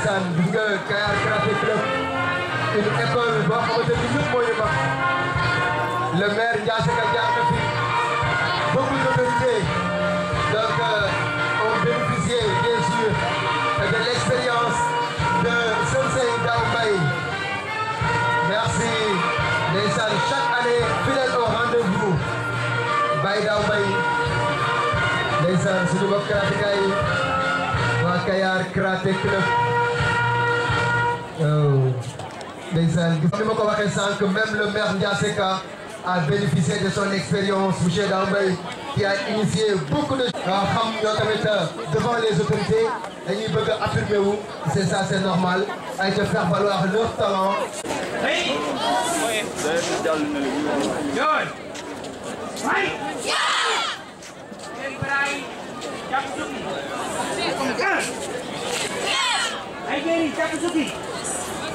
ndeysaan gis nga Kayar Karaté Club une école boo xamante ni ñëpp moo ñu mag le maire Ndiassaka jaar na fi beaucoup de mérité donc euh, on bénéficié bien sûr de l'expérience de Sensei Dao Mbaye merci ndeysaan chaque année fidèle au rendez-vous Baye Dao Mbaye ndeysaan suñu mbokk karatéka yi waa Kayar Karaté Club ndeysaan ni ma ko waxee sànq même le maire Ndiassé Ka a bénéficié de son expérience monsieur Dambay qui a initié beaucoup de waaw xam ñoo tamit euh, devant les autorités dañuy bëgg a affirmer wu c'est ça c'est normal ay te faire valoir leur talent Hey.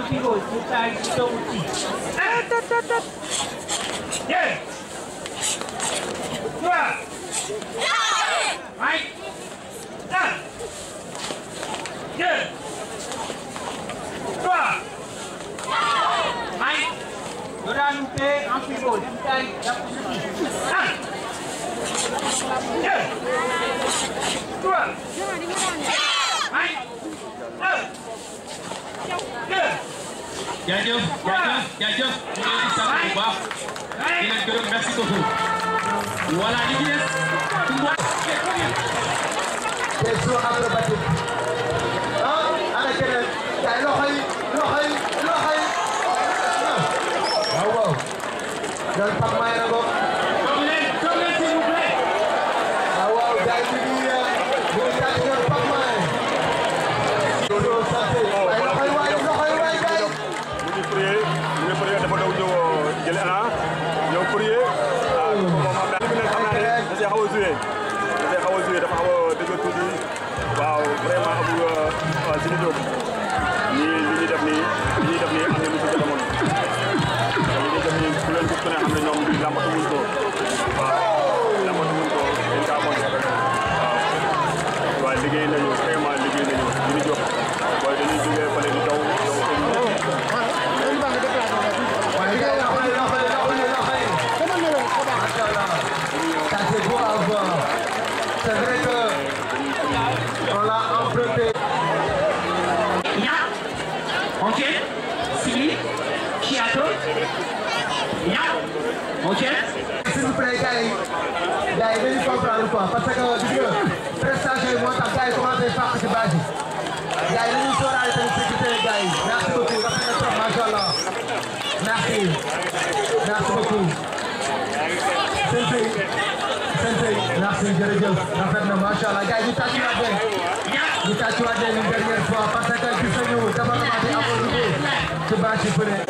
安ピロイ舞台一打ちあたたたイはいあイェイはいドラムペアンピロイ舞台一打ちあイェイ jaajëf jaajëf jaajëf ñu ngi leen di sant bu baax di leen gërëm merci beaucoup voilà li ci des su mbo question acrobatique ah ana keneen kay loxo yi loxo yi loxo yi ah. waaw waaw quoi parce que gis nga prestation yi moo tax gars yi commencé fàq ci bâche yi rafet na trop macha allah merci merci beaucoup seen tey seen tey merci rafet na macha allah gars yi ñu tàccuwaat leen ñu tàccuwaat leen une dernière fois parce que gis nañu département bi amul liggéey ci bâche yi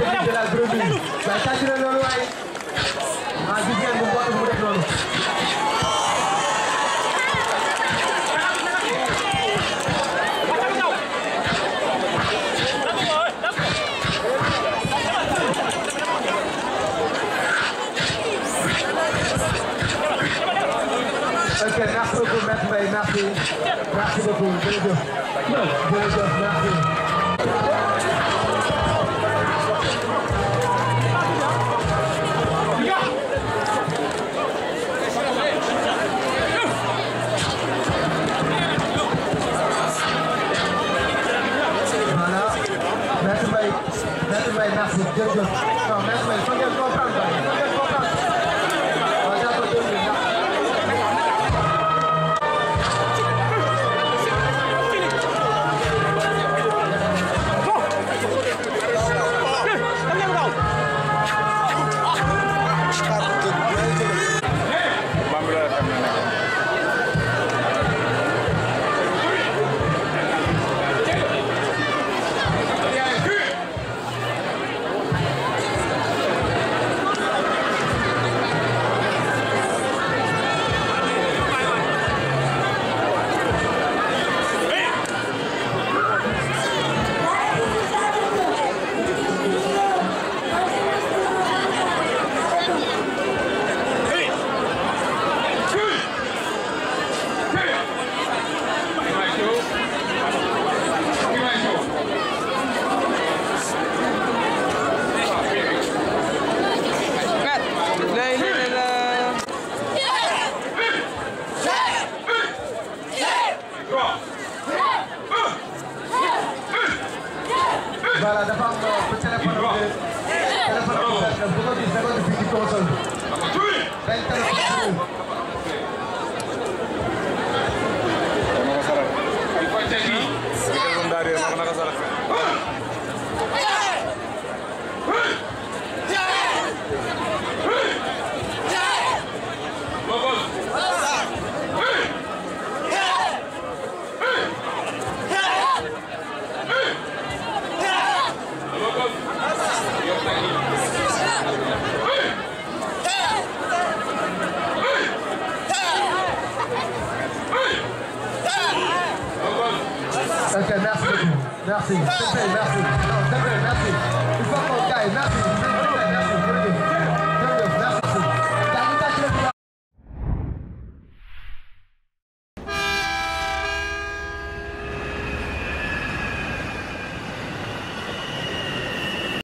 de la brebis waaye tàcc na loolu waaye ah Viviane bu baax mu def loolu. ok merci beaucoup maître Mbaye merci merci beaucoup jërëjëf jërëjëf merci. voilà dafa am téléphone téléphone bu ko gis da ko gis ci console bi